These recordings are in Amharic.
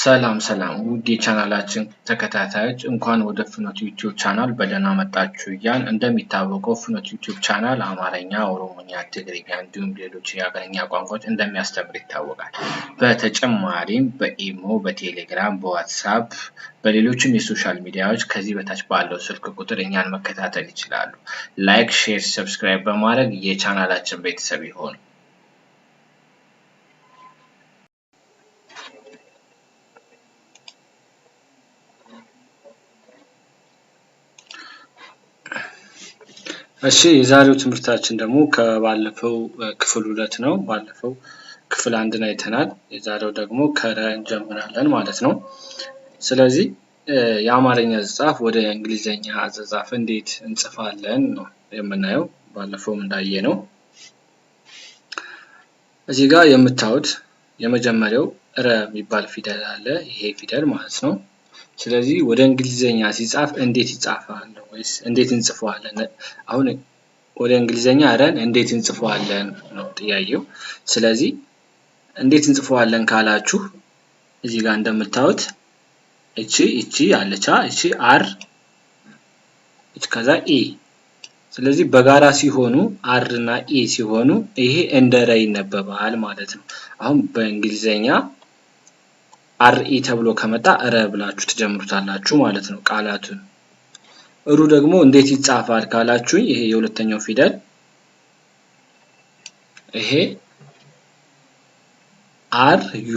ሰላም ሰላም ውድ የቻናላችን ተከታታዮች እንኳን ወደ ፍኖት ዩቲዩብ ቻናል በደህና መጣችሁ እያን እንደሚታወቀው ፍኖት ዩቲዩብ ቻናል አማርኛ፣ ኦሮሞኛ፣ ትግርኛ እንዲሁም ሌሎች የሀገርኛ ቋንቋዎች እንደሚያስተምር ይታወቃል። በተጨማሪም በኢሞ፣ በቴሌግራም፣ በዋትሳፕ በሌሎችም የሶሻል ሚዲያዎች ከዚህ በታች ባለው ስልክ ቁጥር እኛን መከታተል ይችላሉ። ላይክ፣ ሼር፣ ሰብስክራይብ በማድረግ የቻናላችን ቤተሰብ ይሆኑ። እሺ የዛሬው ትምህርታችን ደግሞ ከባለፈው ክፍል ሁለት ነው። ባለፈው ክፍል አንድን አይተናል። የዛሬው ደግሞ ከረ እንጀምራለን ማለት ነው። ስለዚህ የአማርኛ አጻጻፍ ወደ እንግሊዝኛ አጻጻፍ እንዴት እንጽፋለን ነው የምናየው። ባለፈውም እንዳየ ነው። እዚህ ጋር የምታዩት የመጀመሪያው ረ የሚባል ፊደል አለ። ይሄ ፊደል ማለት ነው። ስለዚህ ወደ እንግሊዘኛ ሲጻፍ እንዴት ይጻፋል ወይስ እንዴት እንጽፈዋለን? አሁን ወደ እንግሊዘኛ አረን እንዴት እንጽፈዋለን ነው ጥያቄው። ስለዚህ እንዴት እንጽፈዋለን ካላችሁ እዚህ ጋር እንደምታዩት እቺ እቺ አለቻ እቺ አር ከዛ ኢ ስለዚህ በጋራ ሲሆኑ አር እና ኢ ሲሆኑ ይሄ እንደ ረ ይነበባል ማለት ነው። አሁን በእንግሊዘኛ አርኢ ተብሎ ከመጣ እረ ብላችሁ ትጀምሩታላችሁ ማለት ነው ቃላቱን። ሩ ደግሞ እንዴት ይጻፋል ካላችሁኝ ይሄ የሁለተኛው ፊደል ይሄ አር ዩ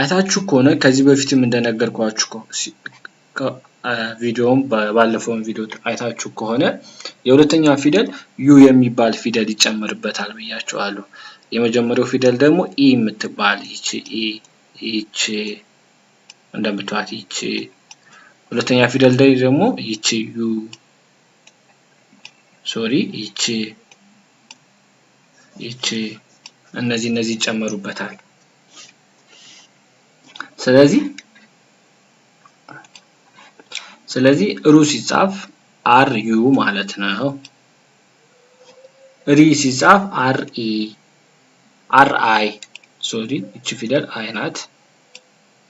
አይታችሁ ከሆነ ከዚህ በፊትም እንደነገርኳችሁ ቪዲዮም ባለፈውን ቪዲዮ አይታችሁ ከሆነ የሁለተኛው ፊደል ዩ የሚባል ፊደል ይጨመርበታል ብያችኋለሁ። የመጀመሪያው ፊደል ደግሞ ኢ የምትባል ይቺ ኢ ይቺ እንደምትዋት ይቺ ሁለተኛ ፊደል ላይ ደግሞ ይቺ ዩ ሶሪ ይቺ ይቺ እነዚህ እነዚህ ይጨመሩበታል። ስለዚህ ስለዚህ ሩ ሲጻፍ አር ዩ ማለት ነው። ሪ ሲጻፍ አር ኢ አር አይ ሶሪ እቺ ፊደል አይ ናት።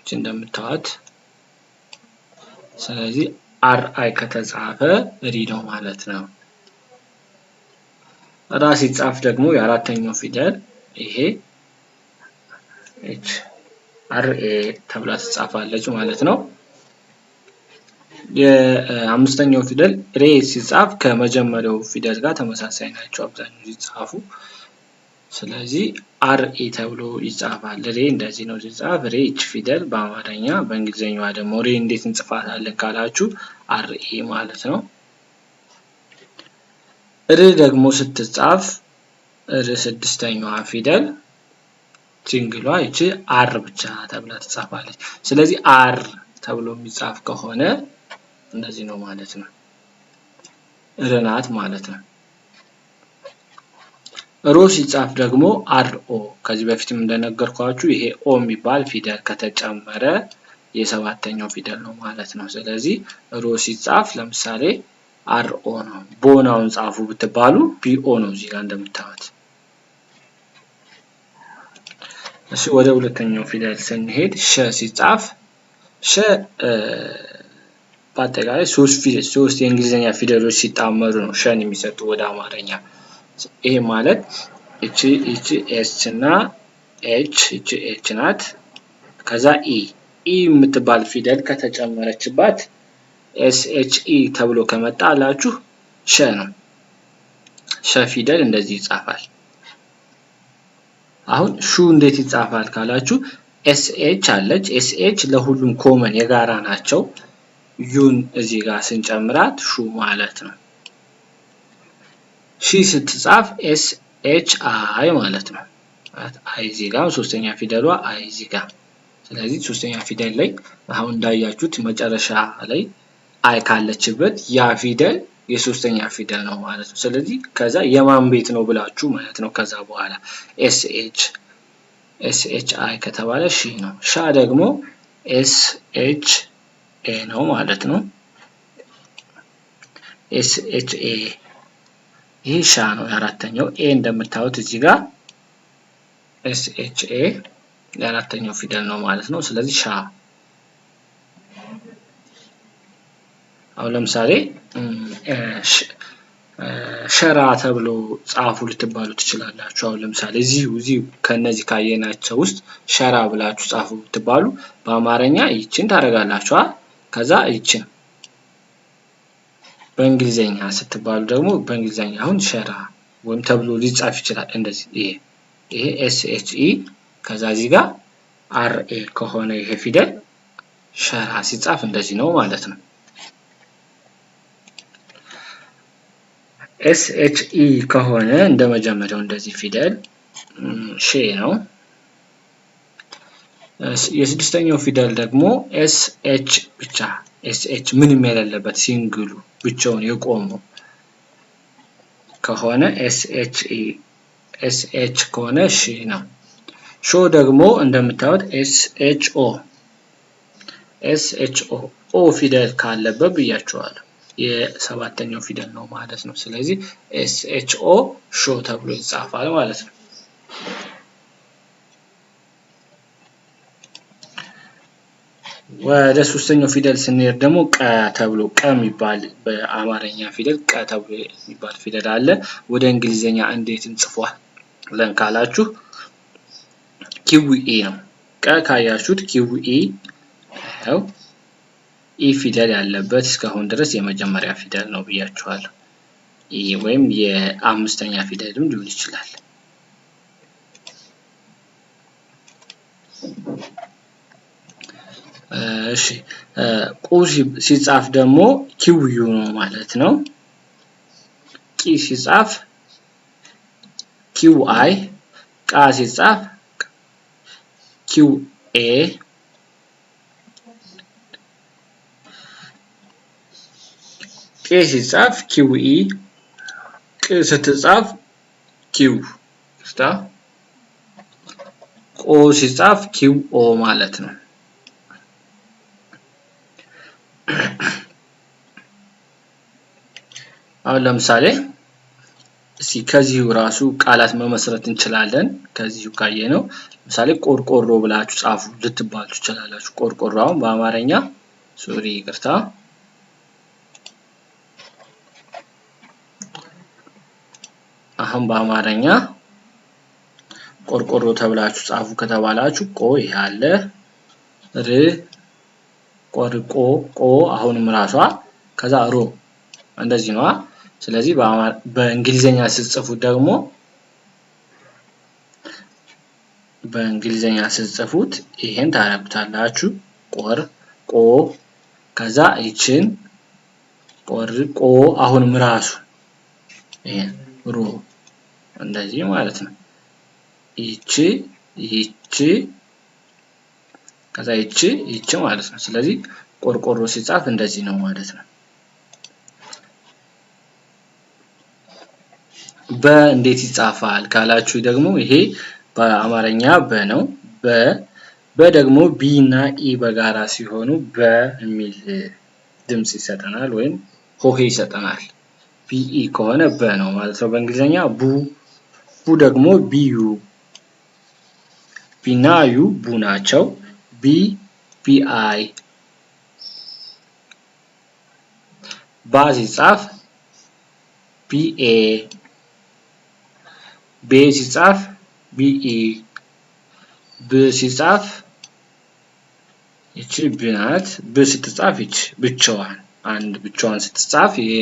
እቺ እንደምታዋት ስለዚህ አር አይ ከተጻፈ ሪ ነው ማለት ነው። ራ ሲጻፍ ደግሞ የአራተኛው ፊደል ይሄ እች አር ኤ ተብላ ትጻፋለች ማለት ነው። የአምስተኛው ፊደል ሬ ሲጻፍ ከመጀመሪያው ፊደል ጋር ተመሳሳይ ናቸው አብዛኛው ሲጻፉ። ስለዚህ አር ተብሎ ይጻፋል። ሬ እንደዚህ ነው ሲጻፍ ሬ ይች ፊደል በአማርኛ በእንግሊዝኛዋ ደግሞ ሬ እንዴት እንጽፋታለን ካላችሁ አር ማለት ነው። ር ደግሞ ስትጻፍ ር ስድስተኛዋ ፊደል ሲንግሏ ይቺ አር ብቻ ተብላ ትጻፋለች። ስለዚህ አር ተብሎ የሚጻፍ ከሆነ እንደዚህ ነው ማለት ነው። ርናት ናት ማለት ነው። ሮ ሲጻፍ ደግሞ አር ኦ ከዚህ በፊትም እንደነገርኳችሁ ይሄ ኦ የሚባል ፊደል ከተጨመረ የሰባተኛው ፊደል ነው ማለት ነው። ስለዚህ ሮ ሲጻፍ ለምሳሌ አር ኦ ነው። ቦናውን ጻፉ ብትባሉ ቢኦ ነው እዚህ ጋር እንደምታዩት። እሺ ወደ ሁለተኛው ፊደል ስንሄድ ሸ ሲጻፍ ሸ በአጠቃላይ ሶስት የእንግሊዝኛ ፊደሎች ሲጣመሩ ነው ሸን የሚሰጡ ወደ አማርኛ ይሄ ማለት እቺ እቺ ኤስ እና ኤች እቺ ኤች ናት። ከዛ ኢ ኢ የምትባል ፊደል ከተጨመረችባት ኤስ ኤች ኢ ተብሎ ከመጣ አላችሁ ሸ ነው። ሸ ፊደል እንደዚህ ይጻፋል። አሁን ሹ እንዴት ይጻፋል ካላችሁ ኤስ ኤች አለች። ኤስ ኤች ለሁሉም ኮመን የጋራ ናቸው። ዩን እዚህ ጋር ስንጨምራት ሹ ማለት ነው። ሺ ስትጻፍ ኤስ ኤች አይ ማለት ነው። አይ ዜጋ ሶስተኛ ፊደሏ አይ ዜጋ። ስለዚህ ሶስተኛ ፊደል ላይ አሁን እንዳያችሁት መጨረሻ ላይ አይ ካለችበት ያ ፊደል የሶስተኛ ፊደል ነው ማለት ነው። ስለዚህ ከዛ የማን ቤት ነው ብላችሁ ማለት ነው። ከዛ በኋላ ኤስ ኤች ኤስ ኤች አይ ከተባለ ሺ ነው። ሻ ደግሞ ኤስ ኤች ኤ ነው ማለት ነው። ኤስ ኤች ኤ ይህ ሻ ነው። የአራተኛው ኤ እንደምታዩት እዚህ ጋር ኤስ ኤች ኤ የአራተኛው ፊደል ነው ማለት ነው። ስለዚህ ሻ። አሁን ለምሳሌ ሸራ ተብሎ ጻፉ ልትባሉ ትችላላችሁ። አሁን ለምሳሌ እዚሁ እዚሁ ከእነዚህ ካየናቸው ውስጥ ሸራ ብላችሁ ጻፉ ብትባሉ በአማርኛ ይችን ታደርጋላችኋል። ከዛ ይችን በእንግሊዘኛ ስትባሉ ደግሞ በእንግሊዘኛ አሁን ሸራ ወይም ተብሎ ሊጻፍ ይችላል። እንደዚህ ይሄ ይሄ ኢ ከዛ እዚህ ጋር አርኤ ከሆነ ይሄ ፊደል ሸራ ሲጻፍ እንደዚህ ነው ማለት ነው። ኢ ከሆነ እንደ መጀመሪያው እንደዚህ ፊደል ሼ ነው። የስድስተኛው ፊደል ደግሞ ኤስኤች ብቻ ኤስኤች ምንም የሌለበት ሲንግሉ ብቻውን የቆመው ከሆነ ኤስኤች ኤስኤች ከሆነ ሺ ነው። ሾ ደግሞ እንደምታዩት ኤስኤችኦ ኤስኤችኦ ኦ ፊደል ካለበት ብያቸዋለሁ የሰባተኛው ፊደል ነው ማለት ነው። ስለዚህ ኤስኤችኦ ሾ ተብሎ ይጻፋል ማለት ነው። ወደ ሶስተኛው ፊደል ስንሄድ ደግሞ ቀ ተብሎ ቀ የሚባል በአማርኛ ፊደል ቀ ተብሎ የሚባል ፊደል አለ። ወደ እንግሊዝኛ እንዴት እንጽፏል ካላችሁ ኪዊኤ ነው። ቀ ካያችሁት ኪዊኤ ያው ኢ ፊደል ያለበት እስካሁን ድረስ የመጀመሪያ ፊደል ነው ብያችኋለሁ። ወይም የአምስተኛ ፊደልም ሊሆን ይችላል። እሺ ቁ ሲጻፍ ደግሞ ኪውዩ ነው ማለት ነው። ቂ ሲጻፍ ኪው አይ፣ ቃ ሲጻፍ ኪው ኤ፣ ቄ ሲጻፍ ኪው ኢ፣ ቅ ስትጻፍ ኪው ስታ፣ ቆ ሲጻፍ ኪው ኦ ማለት ነው። አሁን ለምሳሌ እስኪ ከዚሁ ራሱ ቃላት መመስረት እንችላለን። ከዚሁ ካየ ነው ለምሳሌ ቆርቆሮ ብላችሁ ጻፉ ልትባሉ ትችላላችሁ። ቆርቆሮ አሁን በአማርኛ ሶሪ፣ ይቅርታ አሁን በአማርኛ ቆርቆሮ ተብላችሁ ጻፉ ከተባላችሁ ቆ ይሄ አለ ር ቆርቆ ቆ አሁንም ራሷ ከዛ ሮ እንደዚህ ነዋ። ስለዚህ በእንግሊዘኛ ስትጽፉት ደግሞ በእንግሊዘኛ ስትጽፉት ይሄን ታነብታላችሁ። ቆር ቆ ከዛ ይችን ቆር ቆ አሁንም ራሱ ይሄን ሮ እንደዚህ ማለት ነው። ይቺ ይቺ ከዛ ይቺ ይቺ ማለት ነው። ስለዚህ ቆርቆሮ ሲጻፍ እንደዚህ ነው ማለት ነው። በ እንዴት ይጻፋል ካላችሁ ደግሞ ይሄ በአማርኛ በ ነው። በ በ ደግሞ ቢ እና ኢ በጋራ ሲሆኑ በ የሚል ድምጽ ይሰጠናል ወይም ሆሄ ይሰጠናል። ቢኢ ከሆነ በ ነው ማለት ነው በእንግሊዝኛ ቡ ቡ ደግሞ ቢዩ ቢና ዩ ቡ ናቸው። ቢቢአይ ባ ሲጻፍ ቢኤ ቤ ሲጻፍ ቢኢ ብ ሲጻፍ ይቺ ብ ናት። ብ ስትጻፍ ይች ብቻዋን አንድ ብቻዋን ስትጻፍ ይሄ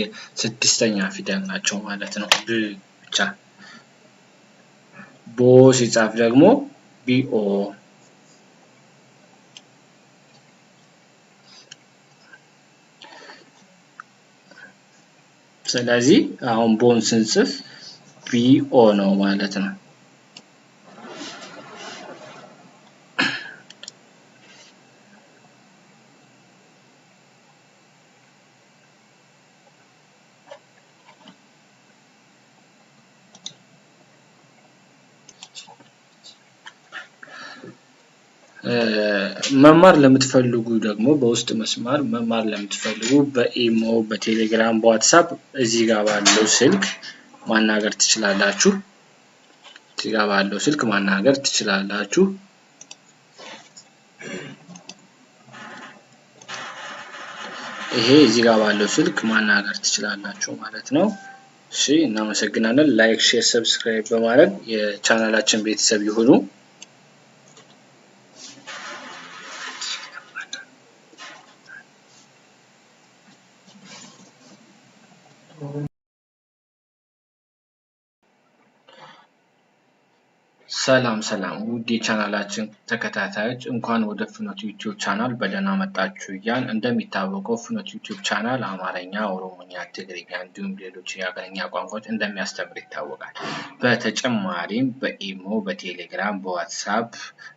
ፊደል ናቸው ማለት ነው። ብ ብቻ ቦ ሲጻፍ ደግሞ ቢኦ ስለዚህ አሁን ቦን ስንጽፍ ቢኦ ነው ማለት ነው። መማር ለምትፈልጉ ደግሞ በውስጥ መስማር መማር ለምትፈልጉ በኢሞ፣ በቴሌግራም፣ በዋትሳፕ እዚህ ጋር ባለው ስልክ ማናገር ትችላላችሁ። እዚህ ጋር ባለው ስልክ ማናገር ትችላላችሁ። ይሄ እዚህ ጋር ባለው ስልክ ማናገር ትችላላችሁ ማለት ነው። እሺ፣ እናመሰግናለን። ላይክ፣ ሼር፣ ሰብስክራይብ በማድረግ የቻናላችን ቤተሰብ ይሁኑ። ሰላም ሰላም ውድ የቻናላችን ተከታታዮች እንኳን ወደ ፍኖት ዩቲዩብ ቻናል በደህና መጣችሁ እያን እንደሚታወቀው ፍኖት ዩቲዩብ ቻናል አማርኛ፣ ኦሮሞኛ፣ ትግርኛ እንዲሁም ሌሎች የሀገርኛ ቋንቋዎች እንደሚያስተምር ይታወቃል። በተጨማሪም በኢሞ፣ በቴሌግራም፣ በዋትሳፕ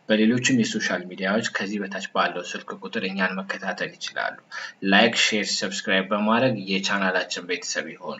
በሌሎችም የሶሻል ሚዲያዎች ከዚህ በታች ባለው ስልክ ቁጥር እኛን መከታተል ይችላሉ። ላይክ፣ ሼር፣ ሰብስክራይብ በማድረግ የቻናላችን ቤተሰብ ይሆኑ።